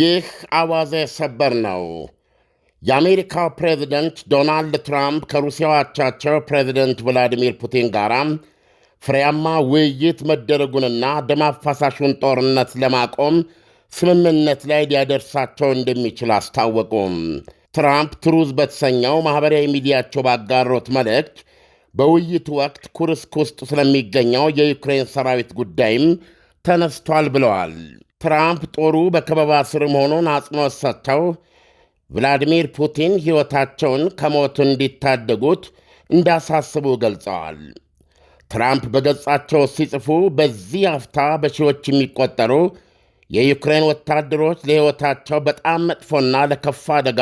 ይህ አዋዜ ሰበር ነው። የአሜሪካው ፕሬዚደንት ዶናልድ ትራምፕ ከሩሲያው አቻቸው ፕሬዚደንት ቭላዲሚር ፑቲን ጋር ፍሬያማ ውይይት መደረጉንና ደም አፋሳሹን ጦርነት ለማቆም ስምምነት ላይ ሊያደርሳቸው እንደሚችል አስታወቁም። ትራምፕ ትሩዝ በተሰኘው ማኅበራዊ ሚዲያቸው ባጋሮት መልእክት በውይይቱ ወቅት ኩርስክ ውስጥ ስለሚገኘው የዩክሬን ሰራዊት ጉዳይም ተነስቷል ብለዋል። ትራምፕ ጦሩ በከበባ ስር መሆኑን አጽንኦት ሰጥተው ቭላዲሚር ፑቲን ሕይወታቸውን ከሞት እንዲታደጉት እንዳሳስቡ ገልጸዋል። ትራምፕ በገጻቸው ሲጽፉ በዚህ አፍታ በሺዎች የሚቆጠሩ የዩክሬን ወታደሮች ለሕይወታቸው በጣም መጥፎና ለከፋ አደጋ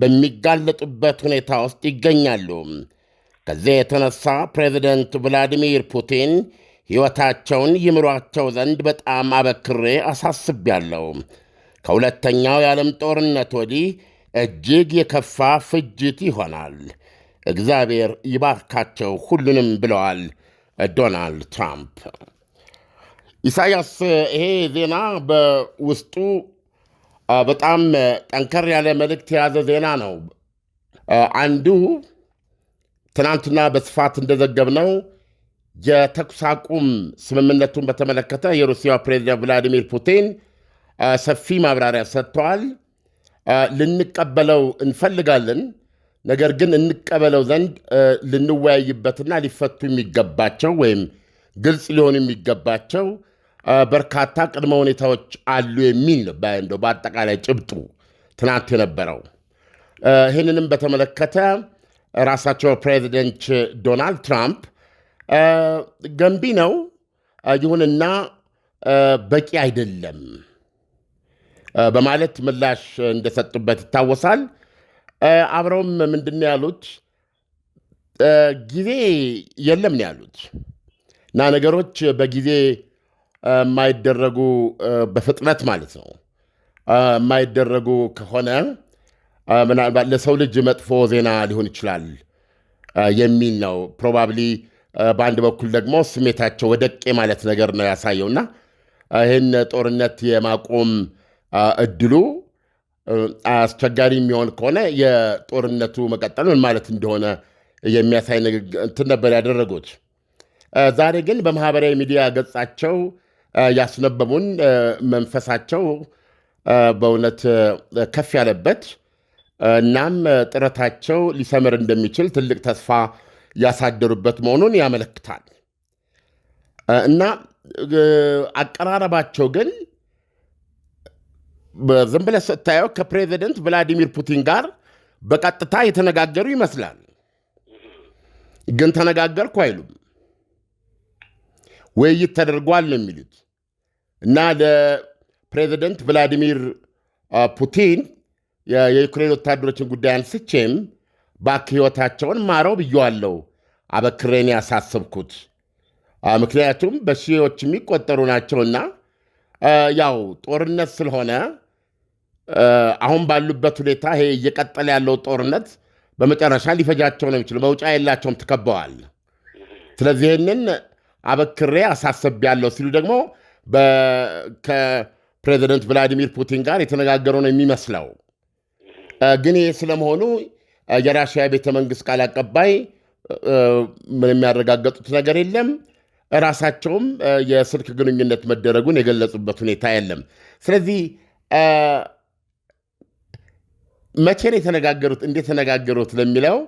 በሚጋለጡበት ሁኔታ ውስጥ ይገኛሉ። ከዚያ የተነሳ ፕሬዚደንት ቭላዲሚር ፑቲን ሕይወታቸውን ይምሯቸው ዘንድ በጣም አበክሬ አሳስቤያለሁ። ከሁለተኛው የዓለም ጦርነት ወዲህ እጅግ የከፋ ፍጅት ይሆናል። እግዚአብሔር ይባርካቸው ሁሉንም ብለዋል ዶናልድ ትራምፕ። ኢሳያስ፣ ይሄ ዜና በውስጡ በጣም ጠንከር ያለ መልእክት የያዘ ዜና ነው። አንዱ ትናንትና በስፋት እንደዘገብነው የተኩስ አቁም ስምምነቱን በተመለከተ የሩሲያ ፕሬዚደንት ቭላዲሚር ፑቲን ሰፊ ማብራሪያ ሰጥተዋል። ልንቀበለው እንፈልጋለን፣ ነገር ግን እንቀበለው ዘንድ ልንወያይበትና ሊፈቱ የሚገባቸው ወይም ግልጽ ሊሆኑ የሚገባቸው በርካታ ቅድመ ሁኔታዎች አሉ የሚል በአጠቃላይ ጭብጡ ትናንት የነበረው ይህንንም በተመለከተ ራሳቸው ፕሬዚደንት ዶናልድ ትራምፕ ገንቢ ነው፣ ይሁንና በቂ አይደለም በማለት ምላሽ እንደሰጡበት ይታወሳል። አብረውም ምንድን ነው ያሉት? ጊዜ የለም ነው ያሉት እና ነገሮች በጊዜ የማይደረጉ በፍጥነት ማለት ነው የማይደረጉ ከሆነ ምናልባት ለሰው ልጅ መጥፎ ዜና ሊሆን ይችላል የሚል ነው። ፕሮባብሊ በአንድ በኩል ደግሞ ስሜታቸው ወደቄ ማለት ነገር ነው ያሳየውና ይህን ጦርነት የማቆም እድሉ አስቸጋሪ የሚሆን ከሆነ የጦርነቱ መቀጠል ምን ማለት እንደሆነ የሚያሳይ እንትን ነበር ያደረጉት። ዛሬ ግን በማህበራዊ ሚዲያ ገጻቸው ያስነበቡን መንፈሳቸው በእውነት ከፍ ያለበት እናም ጥረታቸው ሊሰምር እንደሚችል ትልቅ ተስፋ ያሳደሩበት መሆኑን ያመለክታል እና አቀራረባቸው ግን ዝም ብለህ ስታየው ከፕሬዚደንት ቭላዲሚር ፑቲን ጋር በቀጥታ የተነጋገሩ ይመስላል። ግን ተነጋገርኩ አይሉም። ውይይት ተደርጓል ነው የሚሉት እና ለፕሬዚደንት ቭላዲሚር ፑቲን የዩክሬን ወታደሮችን ጉዳይ አንስቼም ባክ ህይወታቸውን ማረው ብየዋለሁ፣ አበክሬን ያሳሰብኩት ምክንያቱም በሺዎች የሚቆጠሩ ናቸውና ያው ጦርነት ስለሆነ አሁን ባሉበት ሁኔታ ይሄ እየቀጠለ ያለው ጦርነት በመጨረሻ ሊፈጃቸው ነው የሚችለው። መውጫ የላቸውም፣ ተከበዋል። ስለዚህ ይህንን አበክሬ ያለው ሲሉ ደግሞ ከፕሬዚደንት ቭላዲሚር ፑቲን ጋር የተነጋገሩ ነው የሚመስለው። ግን ይህ ስለመሆኑ የራሽያ ቤተ መንግስት ቃል አቀባይ ምን የሚያረጋገጡት ነገር የለም። ራሳቸውም የስልክ ግንኙነት መደረጉን የገለጹበት ሁኔታ የለም። ስለዚህ መቼ ነው የተነጋገሩት፣ እንዴት ተነጋገሩት ለሚለው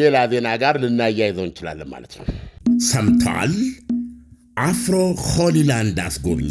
ሌላ ዜና ጋር ልናያይዘው እንችላለን ማለት ነው። ሰምተዋል። አፍሮ ሆሊላንድ አስጎብኚ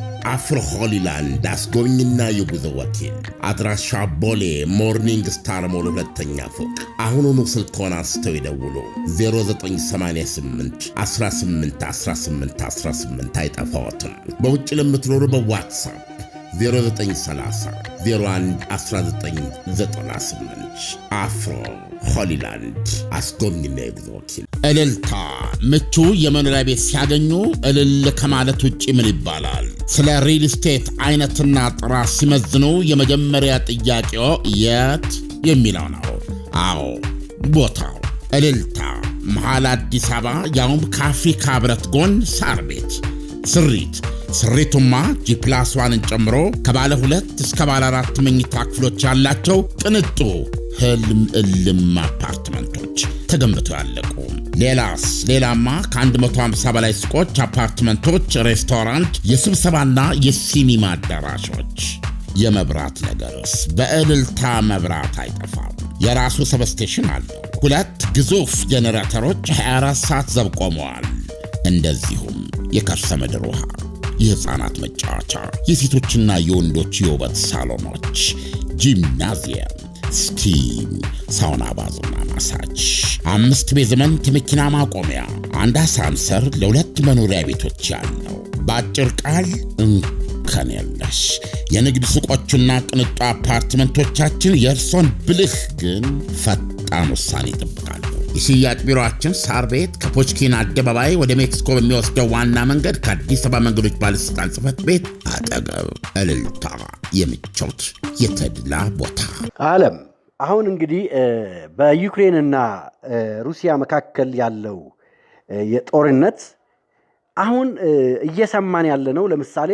አፍሮ ሆሊላንድ አስጎብኝና የጉዞ ወኪል አድራሻ ቦሌ ሞርኒንግ ስታር ሞል ሁለተኛ ፎቅ። አሁኑኑ ስልክዎን አንስተው ይደውሉ። 0988 18 18 18 አይጠፋዎትም። በውጭ ለምትኖሩ በዋትሳፕ 0930 01 1998 አፍሮ ሆሊላንድ አስጎብኝ የጉዞ ወኪል። እልልታ ምቹ የመኖሪያ ቤት ሲያገኙ እልል ከማለት ውጭ ምን ይባላል? ስለ ሪል ስቴት አይነትና ጥራት ሲመዝኑ የመጀመሪያ ጥያቄው የት የሚለው ነው። አዎ ቦታው እልልታ መሃል አዲስ አበባ፣ ያውም ከአፍሪካ ህብረት ጎን ሳር ቤት ስሪት ስሪቱማ ጂፕላስ ዋንን ጨምሮ ከባለ ሁለት እስከ ባለ አራት መኝታ ክፍሎች ያላቸው ቅንጡ ህልም እልም አፓርትመንቶች ተገንብተው ያለቁ። ሌላስ ሌላማ ከ150 በላይ ሱቆች፣ አፓርትመንቶች፣ ሬስቶራንት፣ የስብሰባና የሲኒማ አዳራሾች። የመብራት ነገርስ በእልልታ መብራት አይጠፋም። የራሱ ሰብስቴሽን አለው። ሁለት ግዙፍ ጄኔሬተሮች 24 ሰዓት ዘብ ቆመዋል። እንደዚሁም የከርሰ ምድር ውሃ የህፃናት መጫወቻ፣ የሴቶችና የወንዶች የውበት ሳሎኖች፣ ጂምናዚየም፣ ስቲም፣ ሳውና፣ ባዝና ማሳጅ፣ አምስት ቤዝመንት መኪና ማቆሚያ፣ አንድ አሳንሰር ለሁለት መኖሪያ ቤቶች ያለው በአጭር ቃል እንከን የለሽ የንግድ ሱቆቹና ቅንጡ አፓርትመንቶቻችን የእርሶን ብልህ ግን ፈጣን ውሳኔ ይጠብቃሉ። የሽያጭ ቢሮችን ሳር ቤት ከፖችኪን አደባባይ ወደ ሜክሲኮ በሚወስደው ዋና መንገድ ከአዲስ አበባ መንገዶች ባለስልጣን ጽህፈት ቤት አጠገብ። እልልታ፣ የምቾት የተድላ ቦታ። አለም አሁን እንግዲህ በዩክሬንና ሩሲያ መካከል ያለው የጦርነት አሁን እየሰማን ያለ ነው። ለምሳሌ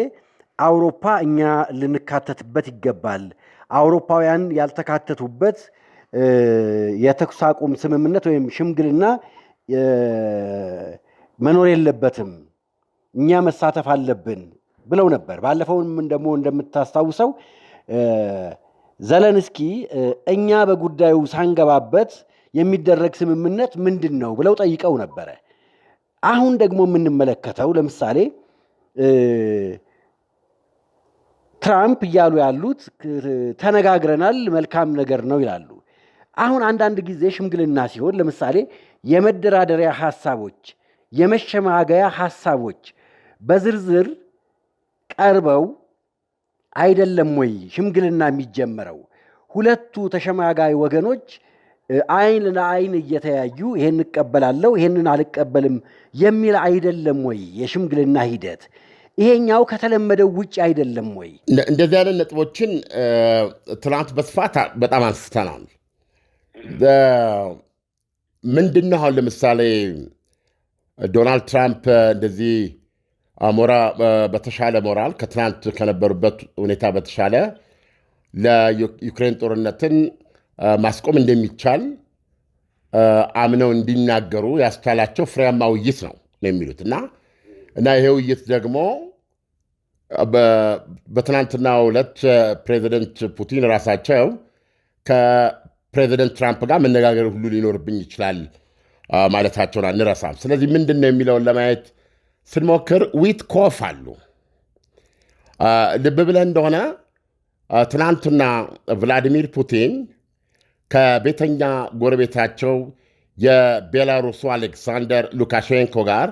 አውሮፓ እኛ ልንካተትበት ይገባል፣ አውሮፓውያን ያልተካተቱበት የተኩስ አቁም ስምምነት ወይም ሽምግልና መኖር የለበትም፣ እኛ መሳተፍ አለብን ብለው ነበር። ባለፈውም ደግሞ እንደምታስታውሰው ዘለንስኪ እኛ በጉዳዩ ሳንገባበት የሚደረግ ስምምነት ምንድን ነው ብለው ጠይቀው ነበረ። አሁን ደግሞ የምንመለከተው ለምሳሌ ትራምፕ እያሉ ያሉት ተነጋግረናል፣ መልካም ነገር ነው ይላሉ። አሁን አንዳንድ ጊዜ ሽምግልና ሲሆን ለምሳሌ የመደራደሪያ ሐሳቦች፣ የመሸማገያ ሐሳቦች በዝርዝር ቀርበው አይደለም ወይ ሽምግልና የሚጀመረው? ሁለቱ ተሸማጋይ ወገኖች አይን ለአይን እየተያዩ ይሄን እቀበላለሁ፣ ይሄንን አልቀበልም የሚል አይደለም ወይ የሽምግልና ሂደት? ይሄኛው ከተለመደው ውጭ አይደለም ወይ? እንደዚህ አይነት ነጥቦችን ትናንት በስፋት በጣም አንስተናል። ምንድን ነው አሁን ለምሳሌ ዶናልድ ትራምፕ እንደዚህ ሞራ በተሻለ ሞራል ከትናንት ከነበሩበት ሁኔታ በተሻለ ለዩክሬን ጦርነትን ማስቆም እንደሚቻል አምነው እንዲናገሩ ያስቻላቸው ፍሬያማ ውይይት ነው ነው የሚሉት እና እና ይሄ ውይይት ደግሞ በትናንትና ዕለት ፕሬዚደንት ፑቲን ራሳቸው ፕሬዚደንት ትራምፕ ጋር መነጋገር ሁሉ ሊኖርብኝ ይችላል ማለታቸውን አንረሳም። ስለዚህ ምንድን ነው የሚለውን ለማየት ስንሞክር ዊትኮፍ አሉ። ልብ ብለህ እንደሆነ ትናንትና ቭላዲሚር ፑቲን ከቤተኛ ጎረቤታቸው የቤላሩሱ አሌክሳንደር ሉካሼንኮ ጋር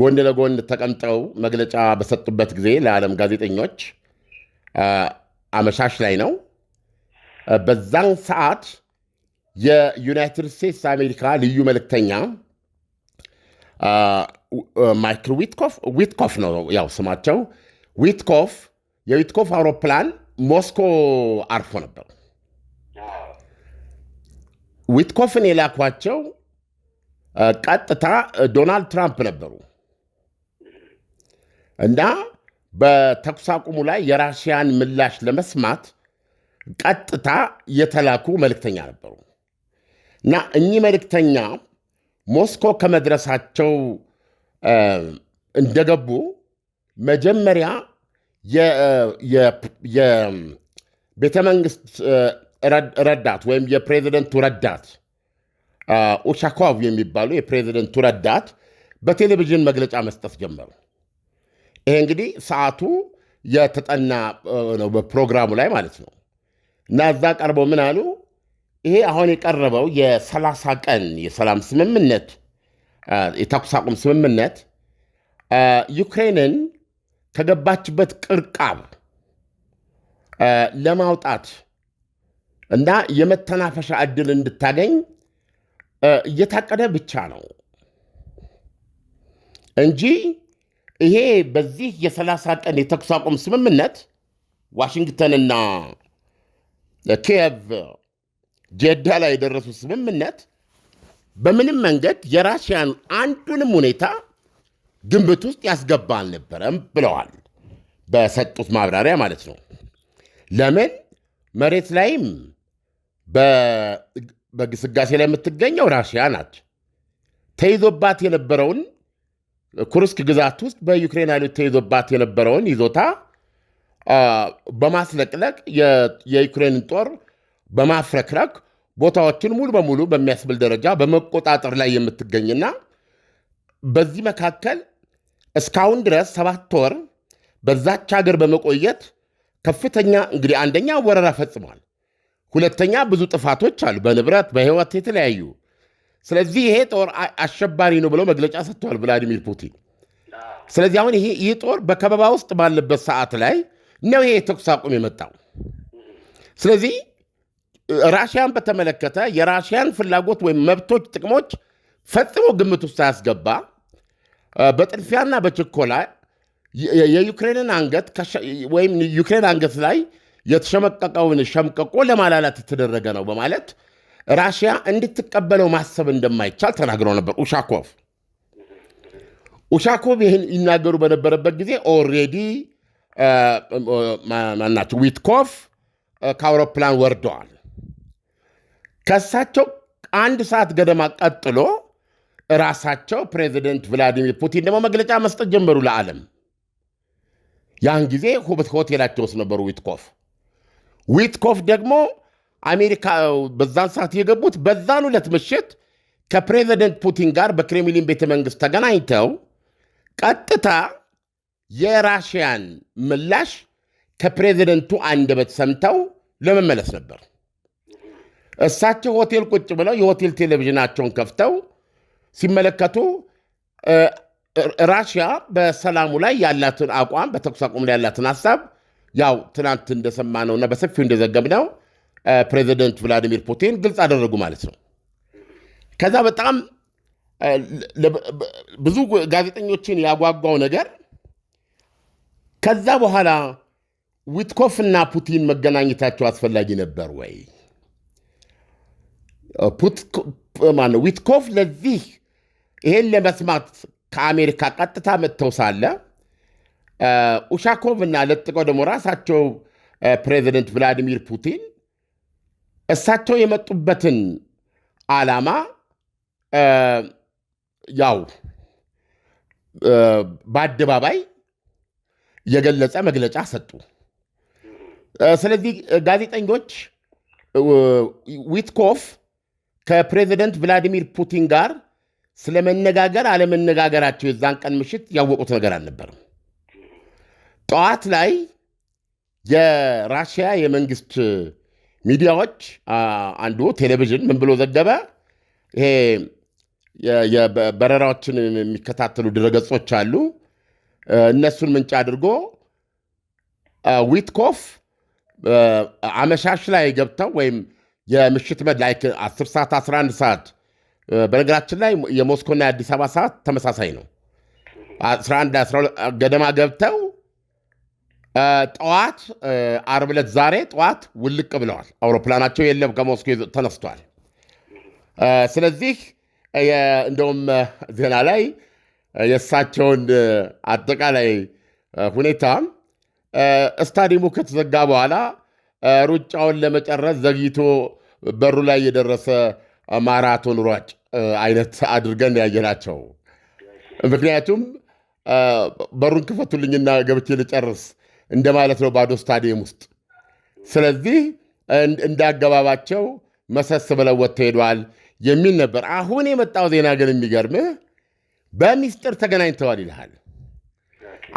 ጎን ለጎን ተቀምጠው መግለጫ በሰጡበት ጊዜ ለዓለም ጋዜጠኞች አመሻሽ ላይ ነው በዛን ሰዓት የዩናይትድ ስቴትስ አሜሪካ ልዩ መልእክተኛ ማይክል ዊትኮፍ ዊትኮፍ ነው ያው ስማቸው ዊትኮፍ የዊትኮፍ አውሮፕላን ሞስኮ አርፎ ነበር። ዊትኮፍን የላኳቸው ቀጥታ ዶናልድ ትራምፕ ነበሩ እና በተኩስ አቁሙ ላይ የራሽያን ምላሽ ለመስማት ቀጥታ የተላኩ መልእክተኛ ነበሩ እና እኚህ መልእክተኛ ሞስኮ ከመድረሳቸው እንደገቡ መጀመሪያ የቤተ መንግስት ረዳት ወይም የፕሬዚደንቱ ረዳት ኡሻኮቭ የሚባሉ የፕሬዚደንቱ ረዳት በቴሌቪዥን መግለጫ መስጠት ጀመሩ። ይሄ እንግዲህ ሰዓቱ የተጠና ነው፣ በፕሮግራሙ ላይ ማለት ነው። እና እዛ ቀርበው ምን አሉ? ይሄ አሁን የቀረበው የሰላሳ ቀን የሰላም ስምምነት የተኩስ አቁም ስምምነት ዩክሬንን ከገባችበት ቅርቃብ ለማውጣት እና የመተናፈሻ ዕድል እንድታገኝ እየታቀደ ብቻ ነው እንጂ ይሄ በዚህ የሰላሳ ቀን የተኩስ አቁም ስምምነት ዋሽንግተንና ኪየቭ ጀዳ ላይ የደረሱት ስምምነት በምንም መንገድ የራሽያን አንዱንም ሁኔታ ግምት ውስጥ ያስገባ አልነበረም ብለዋል። በሰጡት ማብራሪያ ማለት ነው። ለምን መሬት ላይም በግስጋሴ ላይ የምትገኘው ራሽያ ናት። ተይዞባት የነበረውን ኩርስክ ግዛት ውስጥ በዩክሬን ኃይሎች ተይዞባት የነበረውን ይዞታ በማስለቅለቅ የዩክሬንን ጦር በማፍረክረክ ቦታዎችን ሙሉ በሙሉ በሚያስብል ደረጃ በመቆጣጠር ላይ የምትገኝና በዚህ መካከል እስካሁን ድረስ ሰባት ወር በዛች ሀገር በመቆየት ከፍተኛ እንግዲህ አንደኛ ወረራ ፈጽሟል። ሁለተኛ ብዙ ጥፋቶች አሉ፣ በንብረት በህይወት የተለያዩ። ስለዚህ ይሄ ጦር አሸባሪ ነው ብለው መግለጫ ሰጥተዋል ቭላዲሚር ፑቲን። ስለዚህ አሁን ይህ ጦር በከበባ ውስጥ ባለበት ሰዓት ላይ ነው ይሄ የተኩስ አቁም የመጣው። ስለዚህ ራሽያን በተመለከተ የራሽያን ፍላጎት ወይም መብቶች፣ ጥቅሞች ፈጽሞ ግምት ውስጥ ሳያስገባ በጥድፊያና በችኮላ የዩክሬንን አንገት ወይም ዩክሬን አንገት ላይ የተሸመቀቀውን ሸምቀቆ ለማላላት የተደረገ ነው በማለት ራሽያ እንድትቀበለው ማሰብ እንደማይቻል ተናግረው ነበር ኡሻኮቭ ኡሻኮቭ ይህን ይናገሩ በነበረበት ጊዜ ኦልሬዲ ማናት ዊትኮፍ ከአውሮፕላን ወርደዋል። ከሳቸው አንድ ሰዓት ገደማ ቀጥሎ ራሳቸው ፕሬዚደንት ቭላዲሚር ፑቲን ደግሞ መግለጫ መስጠት ጀመሩ ለዓለም። ያን ጊዜ ሆቴላቸው ውስጥ ነበሩ ዊትኮፍ። ዊትኮፍ ደግሞ አሜሪካ በዛን ሰዓት የገቡት በዛን ሁለት ምሽት ከፕሬዚደንት ፑቲን ጋር በክሬምሊን ቤተ መንግሥት ተገናኝተው ቀጥታ የራሽያን ምላሽ ከፕሬዚደንቱ አንደበት ሰምተው ለመመለስ ነበር። እሳቸው ሆቴል ቁጭ ብለው የሆቴል ቴሌቪዥናቸውን ከፍተው ሲመለከቱ ራሽያ በሰላሙ ላይ ያላትን አቋም፣ በተኩስ አቁም ላይ ያላትን ሀሳብ ያው ትናንት እንደሰማ እና በሰፊው እንደዘገብነው ፕሬዚደንት ቭላዲሚር ፑቲን ግልጽ አደረጉ ማለት ነው። ከዛ በጣም ብዙ ጋዜጠኞችን ያጓጓው ነገር ከዛ በኋላ ዊትኮፍና ፑቲን መገናኘታቸው አስፈላጊ ነበር ወይ? ማነው ዊትኮፍ ለዚህ ይሄን ለመስማት ከአሜሪካ ቀጥታ መጥተው ሳለ ኡሻኮቭ እና ለጥቆ ደግሞ ራሳቸው ፕሬዚደንት ቭላዲሚር ፑቲን እሳቸው የመጡበትን ዓላማ ያው በአደባባይ የገለጸ መግለጫ ሰጡ። ስለዚህ ጋዜጠኞች ዊትኮፍ ከፕሬዚደንት ቭላዲሚር ፑቲን ጋር ስለመነጋገር አለመነጋገራቸው የዛን ቀን ምሽት ያወቁት ነገር አልነበርም። ጠዋት ላይ የራሽያ የመንግስት ሚዲያዎች አንዱ ቴሌቪዥን ምን ብሎ ዘገበ? ይሄ በረራዎችን የሚከታተሉ ድረገጾች አሉ። እነሱን ምንጭ አድርጎ ዊትኮፍ አመሻሽ ላይ ገብተው ወይም የምሽት መድ ላይ 10 ሰዓት 11 ሰዓት በነገራችን ላይ የሞስኮና የአዲስ አበባ ሰዓት ተመሳሳይ ነው። 11 12 ገደማ ገብተው ጠዋት ዓርብ ዕለት ዛሬ ጠዋት ውልቅ ብለዋል። አውሮፕላናቸው የለም ከሞስኮ ተነስቷል። ስለዚህ እንደውም ዜና ላይ የእሳቸውን አጠቃላይ ሁኔታ ስታዲየሙ ከተዘጋ በኋላ ሩጫውን ለመጨረስ ዘግይቶ በሩ ላይ የደረሰ ማራቶን ሯጭ አይነት አድርገን ያየናቸው። ምክንያቱም በሩን ክፈቱልኝና ገብቼ ልጨርስ እንደማለት ነው፣ ባዶ ስታዲየም ውስጥ። ስለዚህ እንዳገባባቸው መሰስ ብለው ወጥተው ሄደዋል የሚል ነበር። አሁን የመጣው ዜና ግን የሚገርምህ በሚስጥር ተገናኝተዋል ይልሃል።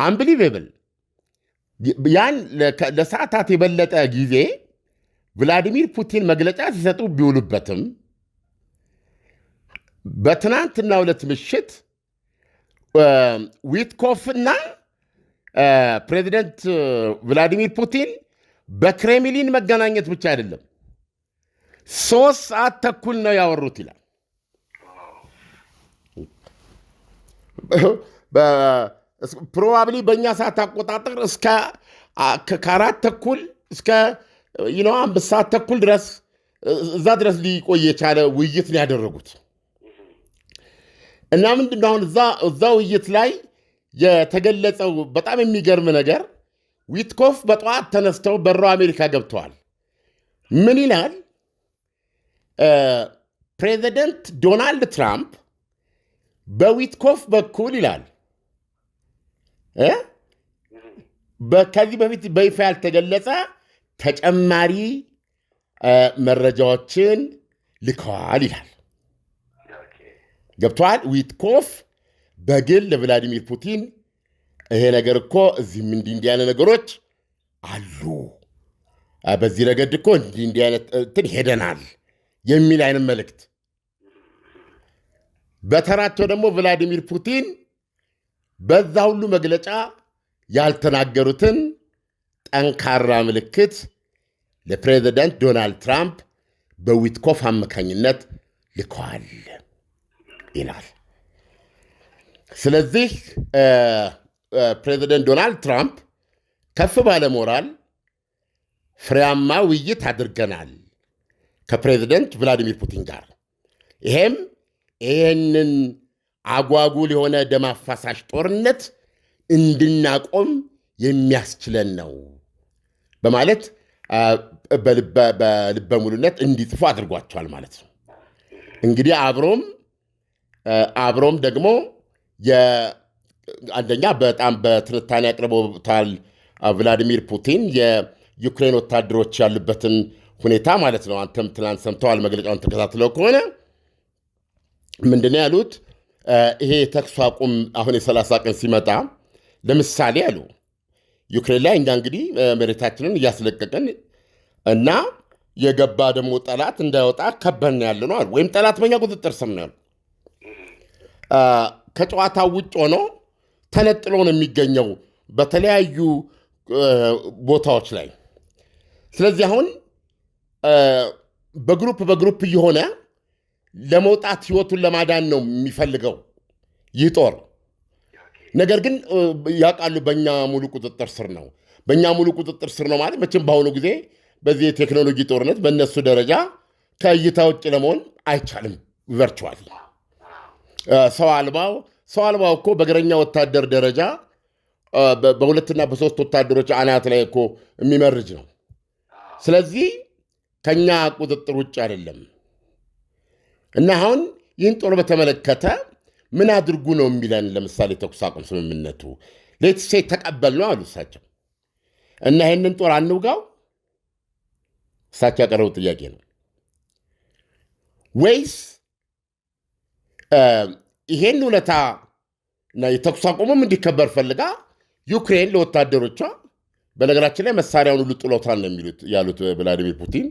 አንብሊቬብል። ያን ለሰዓታት የበለጠ ጊዜ ቭላዲሚር ፑቲን መግለጫ ሲሰጡ ቢውሉበትም በትናንትና ሁለት ምሽት ዊትኮፍ እና ፕሬዚደንት ቭላዲሚር ፑቲን በክሬምሊን መገናኘት ብቻ አይደለም ሶስት ሰዓት ተኩል ነው ያወሩት ይላል። ፕሮባብሊ በእኛ ሰዓት አቆጣጠር እስከ ከአራት ተኩል እስከ አምስት ሰዓት ተኩል ድረስ እዛ ድረስ ሊቆይ የቻለ ውይይት ነው ያደረጉት እና ምንድን ነው አሁን እዛ ውይይት ላይ የተገለጸው በጣም የሚገርም ነገር ዊትኮፍ በጠዋት ተነስተው በረው አሜሪካ ገብተዋል። ምን ይላል ፕሬዚደንት ዶናልድ ትራምፕ በዊትኮፍ በኩል ይላል ከዚህ በፊት በይፋ ያልተገለጸ ተጨማሪ መረጃዎችን ልከዋል ይላል። ገብተዋል። ዊትኮፍ በግል ለቭላዲሚር ፑቲን ይሄ ነገር እኮ እዚህም እንዲህ እንዲህ ያለ ነገሮች አሉ፣ በዚህ ረገድ እኮ እንዲህ እንዲህ አይነት እንትን ሄደናል የሚል አይነት መልእክት በተራቸው ደግሞ ቭላዲሚር ፑቲን በዛ ሁሉ መግለጫ ያልተናገሩትን ጠንካራ ምልክት ለፕሬዚደንት ዶናልድ ትራምፕ በዊትኮፍ አማካኝነት ልከዋል ይላል። ስለዚህ ፕሬዚደንት ዶናልድ ትራምፕ ከፍ ባለ ሞራል ፍሬያማ ውይይት አድርገናል ከፕሬዚደንት ቭላዲሚር ፑቲን ጋር ይሄም ይህንን አጓጉል የሆነ ደም አፋሳሽ ጦርነት እንድናቆም የሚያስችለን ነው በማለት በልበ ሙሉነት እንዲጽፉ አድርጓቸዋል ማለት ነው። እንግዲህ አብሮም አብሮም ደግሞ አንደኛ በጣም በትንታኔ አቅርቦታል ቭላዲሚር ፑቲን የዩክሬን ወታደሮች ያሉበትን ሁኔታ ማለት ነው። አንተም ትናንት ሰምተዋል መግለጫውን ተከታትለው ከሆነ ምንድን ነው ያሉት? ይሄ የተኩስ አቁም አሁን የሰላሳ ቀን ሲመጣ ለምሳሌ አሉ ዩክሬን ላይ እኛ እንግዲህ መሬታችንን እያስለቀቅን እና የገባ ደግሞ ጠላት እንዳይወጣ ከበን ያለ ነው አሉ። ወይም ጠላት በኛ ቁጥጥር ስር ነው ያሉ። ከጨዋታ ውጭ ሆኖ ተነጥሎ ነው የሚገኘው በተለያዩ ቦታዎች ላይ። ስለዚህ አሁን በግሩፕ በግሩፕ እየሆነ ለመውጣት ህይወቱን ለማዳን ነው የሚፈልገው ይህ ጦር። ነገር ግን ያውቃሉ፣ በእኛ ሙሉ ቁጥጥር ስር ነው። በእኛ ሙሉ ቁጥጥር ስር ነው ማለት መቼም በአሁኑ ጊዜ በዚህ የቴክኖሎጂ ጦርነት በእነሱ ደረጃ ከእይታ ውጭ ለመሆን አይቻልም። ቨርቹዋል ሰው አልባው ሰው አልባው እኮ በእግረኛ ወታደር ደረጃ በሁለትና በሶስት ወታደሮች አናት ላይ እኮ የሚመርጅ ነው። ስለዚህ ከኛ ቁጥጥር ውጭ አይደለም። እና አሁን ይህን ጦር በተመለከተ ምን አድርጉ ነው የሚለን? ለምሳሌ ተኩስ አቁም ስምምነቱ ሌት ሴ ተቀበል ነው አሉ እሳቸው። እና ይህንን ጦር አንውጋው እሳቸው ያቀረቡ ጥያቄ ነው ወይስ ይሄን ሁለታ እና የተኩስ አቁሙም እንዲከበር ፈልጋ ዩክሬን ለወታደሮቿ በነገራችን ላይ መሳሪያውን ሁሉ ጥሎታል ነው ያሉት ቭላዲሚር ፑቲን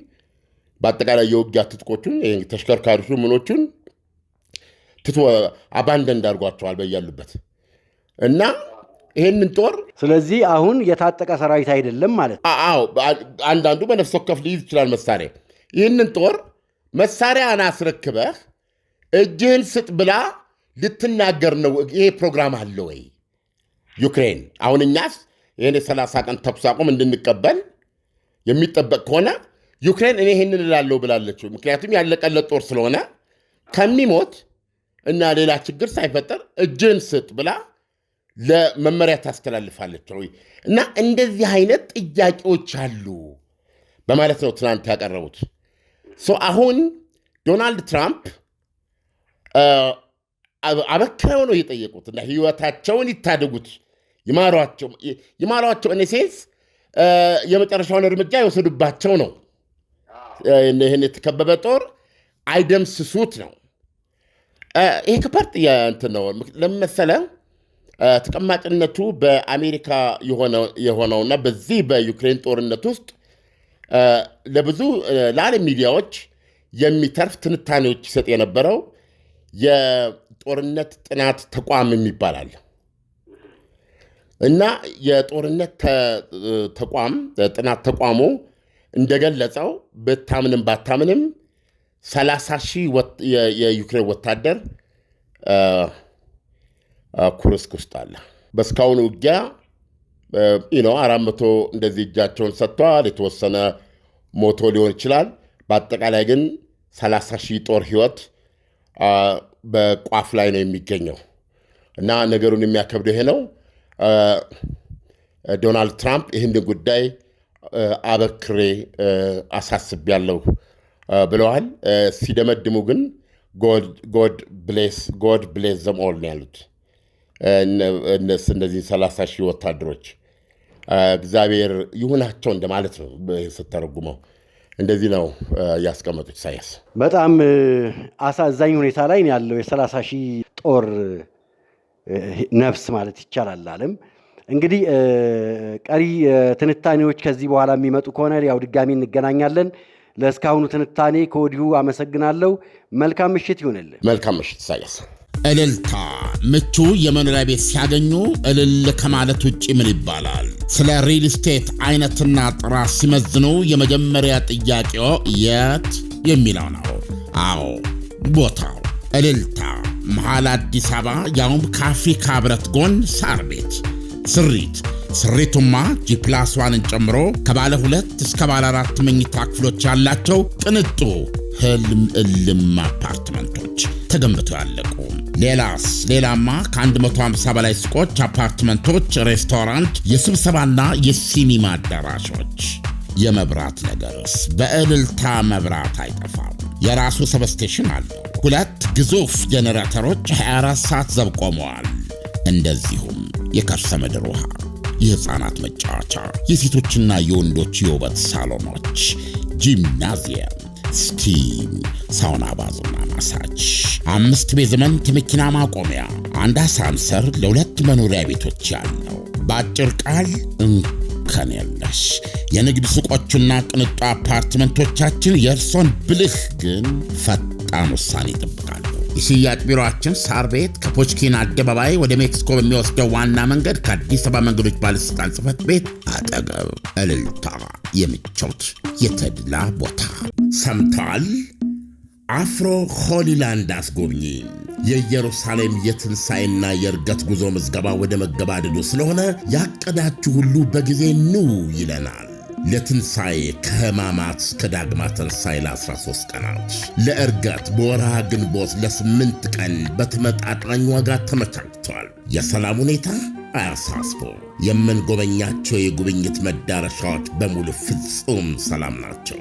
በአጠቃላይ የውጊያ ትጥቆቹን ተሽከርካሪዎቹ ምኖቹን ትቶ አባንደ እንዳርጓቸዋል በያሉበት እና ይህንን ጦር ስለዚህ አሁን የታጠቀ ሰራዊት አይደለም ማለት አዎ አንዳንዱ በነፍስ ወከፍ ሊይዝ ይችላል መሳሪያ ይህንን ጦር መሳሪያ አናስረክበህ እጅህን ስጥ ብላ ልትናገር ነው ይሄ ፕሮግራም አለ ወይ ዩክሬን አሁን እኛስ ይህን የሰላሳ ቀን ተኩስ አቁም እንድንቀበል የሚጠበቅ ከሆነ ዩክሬን እኔ ይህንን እላለሁ ብላለች። ምክንያቱም ያለቀለት ጦር ስለሆነ ከሚሞት እና ሌላ ችግር ሳይፈጠር እጅን ስጥ ብላ ለመመሪያ ታስተላልፋለች ነው እና እንደዚህ አይነት ጥያቄዎች አሉ በማለት ነው ትናንት ያቀረቡት። አሁን ዶናልድ ትራምፕ አበክረው ነው የጠየቁት እና ህይወታቸውን ይታደጉት ይማሯቸው፣ ኢን ሴንስ የመጨረሻውን እርምጃ የወሰዱባቸው ነው ይህን የተከበበ ጦር አይደምስሱት ነው። ይሄ ከባድ እንትን ነው። ለምን መሰለህ? ተቀማጭነቱ በአሜሪካ የሆነውና በዚህ በዩክሬን ጦርነት ውስጥ ለብዙ ለዓለም ሚዲያዎች የሚተርፍ ትንታኔዎች ይሰጥ የነበረው የጦርነት ጥናት ተቋም የሚባላል እና የጦርነት ተቋም ጥናት ተቋሙ እንደገለጸው ብታምንም ባታምንም 30 ሺህ የዩክሬን ወታደር ኩርስክ ውስጥ አለ። በእስካሁኑ ውጊያ ነው አራት መቶ እንደዚህ እጃቸውን ሰጥተዋል። የተወሰነ ሞቶ ሊሆን ይችላል። በአጠቃላይ ግን 30 ሺህ ጦር ህይወት በቋፍ ላይ ነው የሚገኘው እና ነገሩን የሚያከብደው ይሄ ነው። ዶናልድ ትራምፕ ይህንን ጉዳይ አበክሬ አሳስብ ያለው ብለዋል። ሲደመድሙ ግን ጎድ ብሌስ ዘም ኦል ነው ያሉት። እነዚህ ሰላሳ ሺህ ወታደሮች እግዚአብሔር ይሁናቸው እንደማለት ነው ስተረጉመው እንደዚህ ነው ያስቀመጡት። ኢሳያስ በጣም አሳዛኝ ሁኔታ ላይ ያለው የሰላሳ ሺህ ጦር ነፍስ ማለት ይቻላል አለም እንግዲህ ቀሪ ትንታኔዎች ከዚህ በኋላ የሚመጡ ከሆነ ያው ድጋሚ እንገናኛለን። ለእስካሁኑ ትንታኔ ከወዲሁ አመሰግናለሁ። መልካም ምሽት ይሁንልን። መልካም ምሽት ሳያስ እልልታ ምቹ የመኖሪያ ቤት ሲያገኙ እልል ከማለት ውጭ ምን ይባላል? ስለ ሪል ስቴት አይነትና ጥራት ሲመዝኑ የመጀመሪያ ጥያቄው የት የሚለው ነው። አዎ ቦታው እልልታ መሃል አዲስ አበባ፣ ያውም ከአፍሪካ ህብረት ጎን ሳር ቤት ስሪት ስሪቱማ ጂፕላስዋንን ጨምሮ ከባለ ሁለት እስከ ባለ አራት መኝታ ክፍሎች ያላቸው ቅንጡ ህልም እልም አፓርትመንቶች ተገንብተው ያለቁ። ሌላስ ሌላማ ከ150 በላይ ሱቆች፣ አፓርትመንቶች፣ ሬስቶራንት፣ የስብሰባና የሲኒማ አዳራሾች። የመብራት ነገርስ በእልልታ መብራት አይጠፋም። የራሱ ሰብስቴሽን አለው። ሁለት ግዙፍ ጄኔሬተሮች 24 ሰዓት ዘብ ቆመዋል። እንደዚሁም የከርሰ ምድር ውሃ፣ የሕፃናት መጫወቻ፣ የሴቶችና የወንዶች የውበት ሳሎኖች፣ ጂምናዚየም፣ ስቲም፣ ሳውና፣ ባዝና ማሳጅ፣ አምስት ቤዝመንት መኪና ማቆሚያ፣ አንድ አሳንሰር ለሁለት መኖሪያ ቤቶች ያለው በአጭር ቃል እንከን የለሽ የንግድ ሱቆቹና ቅንጡ አፓርትመንቶቻችን የእርሶን ብልህ ግን ፈጣን ውሳኔ ይጠብቃል። የሽያጭ ቢሮችን ሳር ቤት ከፖችኪን አደባባይ ወደ ሜክሲኮ በሚወስደው ዋና መንገድ ከአዲስ አበባ መንገዶች ባለሥልጣን ጽፈት ቤት አጠገብ። እልልታ፣ የምቾት የተድላ ቦታ። ሰምተዋል? አፍሮ ሆሊላንድ አስጎብኚ የኢየሩሳሌም የትንሣኤና የእርገት ጉዞ ምዝገባ ወደ መገባደዱ ስለሆነ ያቀዳችሁ ሁሉ በጊዜ ኑ ይለናል። ለትንሣኤ ከህማማት እስከ ዳግማ ትንሣኤ ለ13 ቀናት ለእርገት በወርሃ ግንቦት ለስምንት ቀን በተመጣጣኝ ዋጋ ተመቻችተዋል። የሰላም ሁኔታ አያሳስቦ የምንጎበኛቸው የጉብኝት መዳረሻዎች በሙሉ ፍጹም ሰላም ናቸው።